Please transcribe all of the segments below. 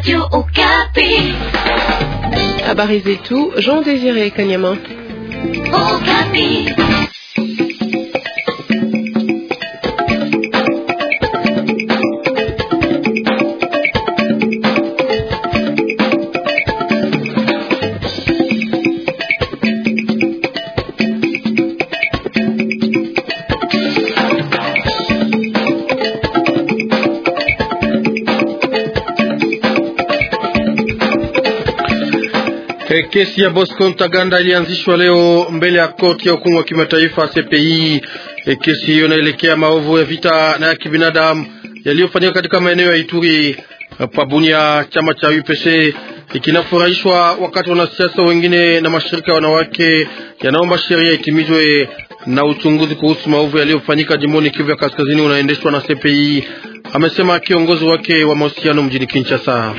Radio Okapi. Habari zetu Jean Désiré Kanyama. Okapi. kesi ya Bosco Ntaganda ilianzishwa leo mbele ya koti ya hukumu wa kimataifa CPI. E. e, kesi hiyo inaelekea maovu ya vita na ya kibinadamu yaliyofanyika katika maeneo ya Ituri pa Bunia. Chama cha UPC ikinafurahishwa e, wakati wanasiasa wengine na mashirika ya wanawake yanaomba sheria itimizwe na uchunguzi kuhusu maovu yaliyofanyika jimboni Kivu ya Kaskazini unaendeshwa na CPI, amesema kiongozi wake wa mahusiano mjini Kinshasa.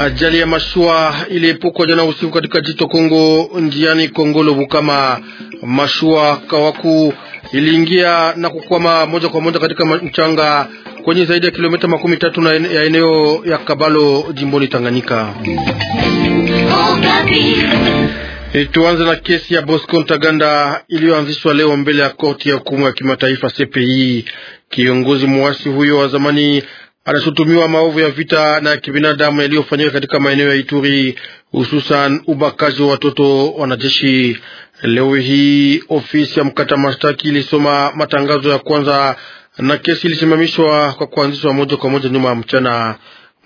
Ajali ya mashua iliepukwa jana usiku katika jito Kongo, njiani Kongolo Bukama, mashua Kawaku iliingia na kukwama moja kwa moja katika mchanga kwenye zaidi ya kilomita makumi tatu na ya eneo ya Kabalo jimboni Tanganyika. Oh, E, Tuanze na kesi ya Bosco Ntaganda iliyoanzishwa leo mbele ya korti ya hukumu ya kimataifa CPI. Kiongozi muasi huyo wa zamani anashutumiwa maovu ya vita na kibinadamu yaliyofanyika katika maeneo ya Ituri, hususan ubakaji wa watoto wanajeshi. Leo hii ofisi ya mkata mashtaki ilisoma matangazo ya kwanza na kesi ilisimamishwa kwa kuanzishwa moja kwa moja nyuma ya mchana.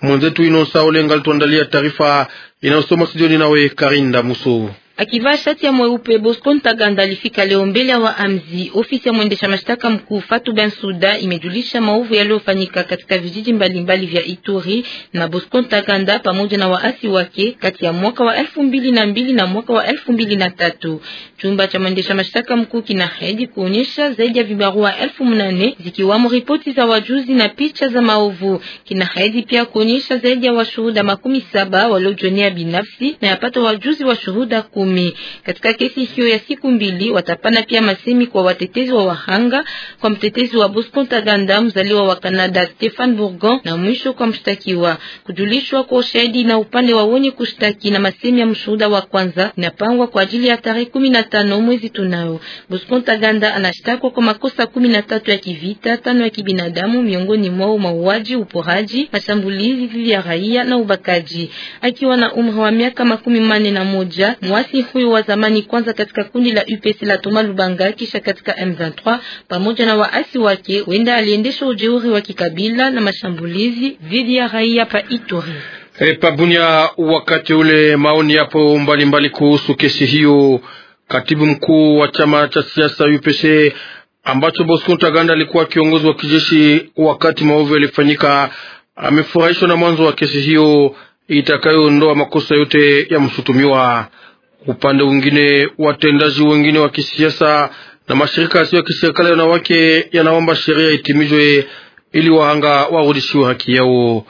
Mwenzetu Inosa Olenga alituandalia taarifa inayosoma studioni, nawe Karinda Musu. Akivaa shati ya mweupe Bosco Ntaganda alifika leo mbele ya waamzi. Ofisi ya mwendesha mashtaka mkuu Fatu Bensuda imejulisha maovu yaliyofanyika katika vijiji mbalimbali vya Ituri na Bosco Ntaganda pamoja na waasi wake kati ya mwaka wa elfu mbili na mbili na mwaka wa elfu mbili na tatu. Chumba cha mwendesha mashtaka mkuu kina hedi kuonyesha zaidi ya vibarua elfu mnane zikiwamo ripoti za wajuzi na picha za maovu. Kina hedi pia kuonyesha zaidi ya washuhuda makumi saba waliojionea binafsi na yapata wajuzi wa shuhuda kumi kumi. Katika kesi hiyo ya siku mbili watapana pia masemi kwa watetezi wa wahanga, kwa mtetezi wa Bosco Ntaganda mzaliwa wa Canada Stefan Bourgon, na mwisho kwa mshtakiwa. Kujulishwa kwa ushahidi na upande wa wenye kushtaki na masemi ya mshuhuda wa kwanza inapangwa kwa ajili ya tarehe tano mwezi tunao. Bosco Ntaganda anashtakwa kwa makosa kumi na tatu ya kivita, tano ya kibinadamu, miongoni mwao mauaji, uporaji, mashambulizi dhidi ya raia na ubakaji. Akiwa na umri wa miaka makumi manne na moja mwasi Kiongozi huyo wa zamani kwanza katika kundi la UPC la Toma Lubanga, kisha katika M23 pamoja na waasi wake, wenda aliendesha ujeuri wa kikabila na mashambulizi dhidi ya raia pa Ituri. E, eh, pabunya wakati ule maoni yapo mbalimbali mbali kuhusu kesi hiyo. Katibu mkuu wa chama cha siasa UPC ambacho Bosco Ntaganda alikuwa kiongozi wa kijeshi wakati maovu yalifanyika, amefurahishwa na mwanzo wa kesi hiyo itakayoondoa makosa yote ya mshutumiwa. Upande mwingine, watendaji wengine wa kisiasa na mashirika yasiyo ya kiserikali wanawake yanaomba sheria itimizwe ili wahanga warudishiwe haki yao.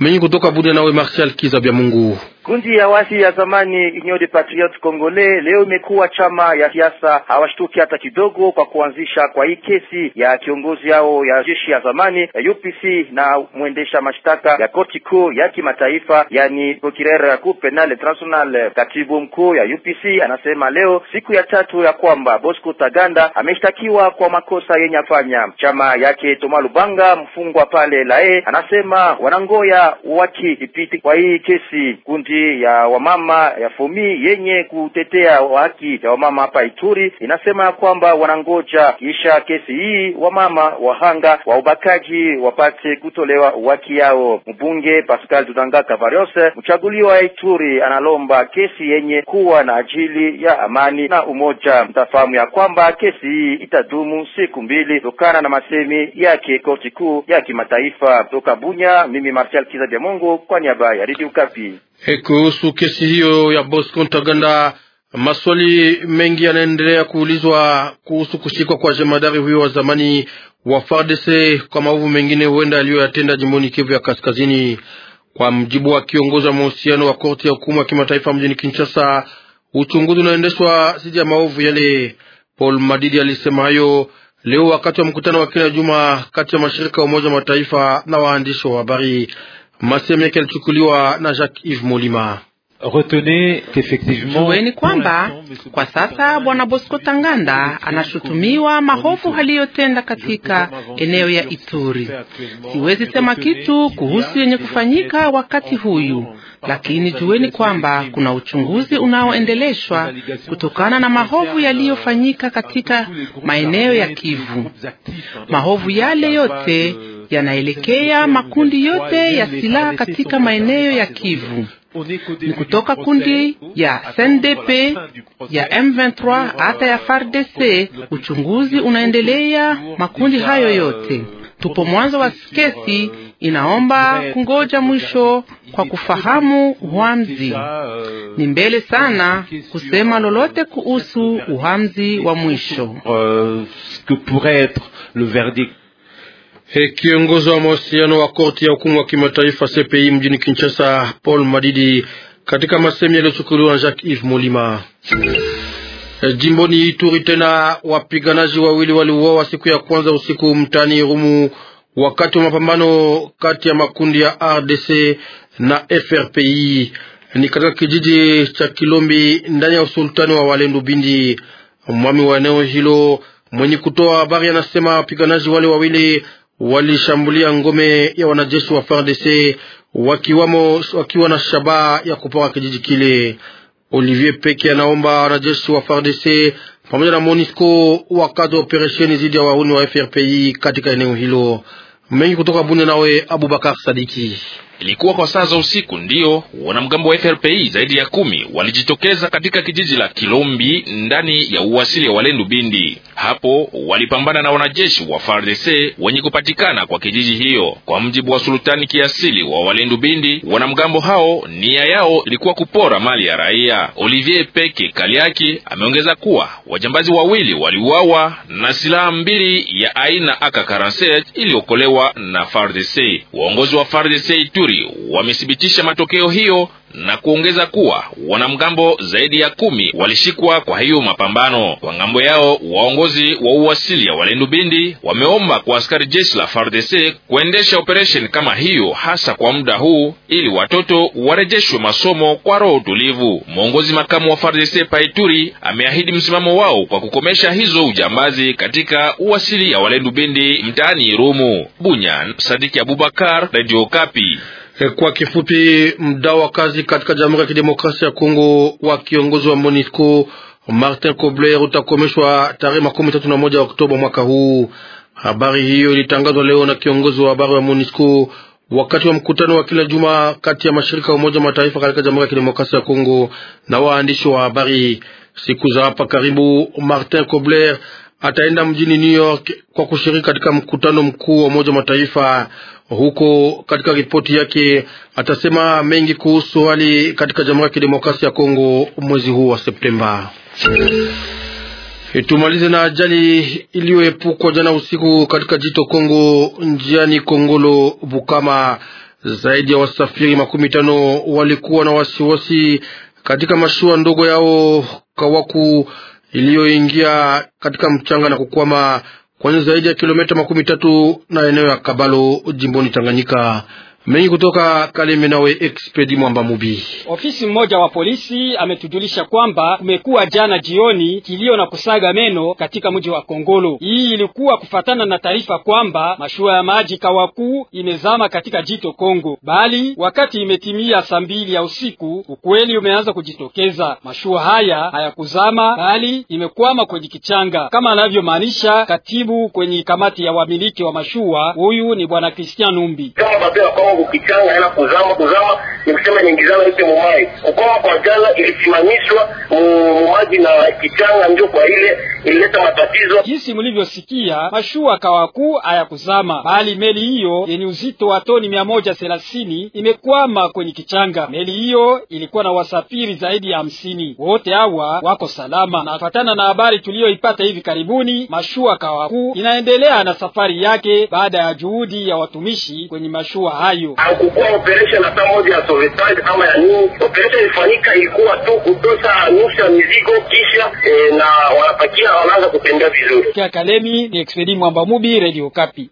Mengi kutoka Bunia, nawe marshal Kiza vya Mungu. Kundi ya wasi ya zamani Union des Patriotes Congolais leo imekuwa chama ya siasa, hawashtuki hata kidogo kwa kuanzisha kwa hii kesi ya kiongozi yao ya jeshi ya zamani ya eh, UPC na mwendesha mashtaka ya koti kuu ya kimataifa, yani procureur cour penal international. Katibu mkuu ya UPC anasema leo siku ya tatu ya kwamba Bosco Taganda ameshtakiwa kwa makosa yenye afanya. Chama yake tomas Lubanga, mfungwa pale Lae, anasema wanangoya waki ipiti kwa hii kesi kundi kamati ya wamama ya fumi yenye kutetea haki ya wamama hapa Ituri inasema ya kwamba wanangoja kisha kesi hii wamama wahanga wa ubakaji wapate kutolewa haki yao. Mbunge Pascal Dudanga Kavariose, mchaguliwa wa Ituri, analomba kesi yenye kuwa na ajili ya amani na umoja. Mtafahamu ya kwamba kesi hii itadumu siku mbili kutokana na masemi yake koti kuu ya kimataifa. Toka Bunya, mimi Martial Kiza Bya Mungu kwa niaba ya Radio Kapi. E, kuhusu kesi hiyo ya Bosco Ntaganda, maswali mengi yanaendelea kuulizwa kuhusu kushikwa kwa jemadari huyo wa zamani wa FARDC kwa maovu mengine huenda aliyoyatenda jimboni Kivu ya Kaskazini. Kwa mjibu wa kiongozi wa mahusiano wa korti ya hukumu ya kimataifa mjini Kinshasa, uchunguzi unaendeshwa sidi ya maovu yale. Paul Madidi alisema hayo leo wakati wa mkutano wa kila juma kati ya mashirika ya Umoja wa Mataifa na waandishi wa habari. Masemeke alichukuliwa na Jacques Yves Molima. Jueni kwamba kwa sasa bwana Bosco Tanganda anashutumiwa mahofu aliyotenda katika eneo ya Ituri. Siwezi sema kitu kuhusu yenye kufanyika wakati huyu, lakini jueni kwamba kuna uchunguzi unaoendeleshwa kutokana na mahovu yaliyofanyika katika maeneo ya Kivu. Mahovu yale yote euh, yanaelekea makundi yote ya silaha katika maeneo ya Kivu ni kutoka kundi ya CNDP ya M23 hata ya FARDC. Uchunguzi unaendelea makundi hayo yote, tupo mwanzo wa kesi, inaomba kungoja mwisho kwa kufahamu uhamzi. Ni mbele sana kusema lolote kuhusu uhamzi wa mwisho. Euh, He, kiongozi wa mawasiliano wa korti ya hukumu wa kimataifa CPI mjini Kinshasa, Paul Madidi, katika masemi yaliyochukuliwa na Jacques Yves Molima. E, Jimboni Ituri tena wapiganaji wawili waliuawa siku ya kwanza usiku mtani Rumu wakati wa mapambano kati ya makundi ya RDC na FRPI ni katika kijiji cha Kilombi ndani ya usultani wa Walendu Bindi. Mwami wa eneo hilo mwenye kutoa habari anasema wapiganaji wale wawili walishambulia ngome ya wanajeshi wa FARDC wakiwamo wakiwa na shabaha ya kupora kijiji kile. Olivier Peke anaomba wanajeshi wa FARDC pamoja na MONUSCO wakati operesheni dhidi ya wahuni wa FRPI katika eneo hilo. Mengi kutoka Bunia, nawe Abubakar Sadiki. Ilikuwa kwa saa za usiku ndiyo wanamgambo wa FRPI zaidi ya kumi walijitokeza katika kijiji la Kilombi ndani ya uwasili wa Walendu Bindi. Hapo walipambana na wanajeshi wa FARDC wenye kupatikana kwa kijiji hiyo. Kwa mjibu wa sultani kiasili wa Walendu Bindi, wanamgambo hao nia yao ilikuwa kupora mali ya raia. Olivier Peke Kaliaki ameongeza kuwa wajambazi wawili waliuawa na silaha mbili ya aina AK-47 iliokolewa na FARDC. Waongozi wa FARDC Ituri wamethibitisha matokeo hiyo na kuongeza kuwa wanamgambo zaidi ya kumi walishikwa kwa hiyo mapambano. Kwa ngambo yao, waongozi wa ya Walendu Bindi wameomba kwa askari jeshi la FARDC kuendesha operesheni kama hiyo hasa kwa muda huu ili watoto warejeshwe masomo kwa roho tulivu. Mwongozi makamu wa FARDC Paituri ameahidi msimamo wao kwa kukomesha hizo ujambazi katika ya Walendu Bindi mtaani Irumu. Bunya, Sadiki Abubakar, Radio Kapi. Eh, kwa kifupi, mda wa kazi katika Jamhuri ya Kidemokrasia ya Kongo wa kiongozi wa Monisco Martin Kobler utakomeshwa tarehe makumi tatu na moja Oktoba mwaka huu. Habari hiyo ilitangazwa leo na kiongozi wa habari wa Monisco wakati wa mkutano wa kila juma kati ya mashirika ya Umoja Mataifa katika Jamhuri ya Kidemokrasia ya Kongo na waandishi wa habari. Siku za hapa karibu, Martin Kobler ataenda mjini New York kwa kushiriki katika mkutano mkuu wa Umoja wa Mataifa huko. Katika ripoti yake atasema mengi kuhusu hali katika Jamhuri ya Kidemokrasia ya Kongo mwezi huu wa Septemba. E, tumalize na ajali iliyoepukwa jana usiku katika jito Kongo, njiani Kongolo Bukama. Zaidi ya wasafiri makumi tano walikuwa na wasiwasi katika mashua ndogo yao Kawaku iliyoingia katika mchanga na kukwama kwenye zaidi ya kilomita makumi tatu na eneo ya Kabalo jimboni Tanganyika. Mengi kutoka Kalemi nawe Expedi Mwamba Mubi. Ofisi mmoja wa polisi ametujulisha kwamba kumekuwa jana jioni kilio na kusaga meno katika mji wa Kongolo. Hii ilikuwa kufatana na taarifa kwamba mashua ya maji Kawaku imezama katika jito Kongo, bali wakati imetimia saa mbili ya usiku ukweli umeanza kujitokeza. Mashua haya hayakuzama bali imekwama kwenye kichanga kama anavyomaanisha katibu kwenye kamati ya wamiliki wa mashua. Huyu ni bwana Christian Numbi kichanga hela kuzama kuzama, ni kusema inaingizana yote mumai ukoma kwa jala ilisimamishwa mumaji na kichanga, ndio kwa ile ilileta matatizo. Jinsi mlivyosikia, mashua kawakuu hayakuzama, bali meli hiyo yenye uzito wa toni mia moja thelathini imekwama kwenye kichanga. Meli hiyo ilikuwa na wasafiri zaidi ya hamsini, wote hawa wako salama, na kufuatana na habari tuliyoipata hivi karibuni, mashua kawaku inaendelea na safari yake baada ya juhudi ya watumishi kwenye mashua hayo hiyo. Hakukuwa operation hata moja ya sovetage ama ya nini. Operation ilifanyika ilikuwa tu kutosa nusu ya mizigo kisha e, na wanapakia wanaanza kutembea vizuri. Kia Kalemi ni Expedi Mwamba Mubi, Radio Kapi.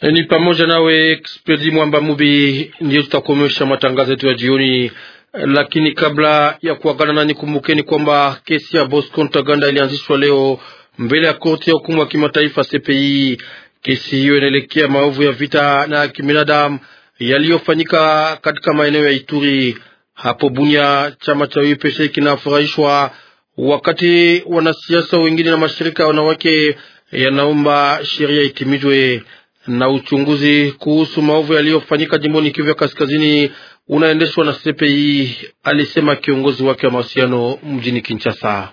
E, ni pamoja nawe Expedi Mwamba Mubi, ndio tutakomesha matangazo yetu ya jioni. E, lakini kabla ya kuagana nani, kumbukeni kwamba kesi ya Bosco Ntaganda ilianzishwa leo mbele ya korti ya hukumu ya kimataifa CPI. Kesi hiyo inaelekea maovu ya vita na kibinadamu yaliyofanyika katika maeneo ya Ituri. Hapo Bunia, chama cha UPC kinafurahishwa wakati wanasiasa wengine na mashirika ya wanawake yanaomba sheria itimizwe. Na uchunguzi kuhusu maovu yaliyofanyika jimboni Kivu ya kaskazini unaendeshwa na CPI, alisema kiongozi wake wa mahusiano mjini Kinshasa.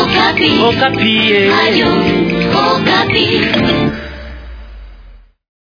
Okapi. Okapi. Eh. Ayo. Okapi.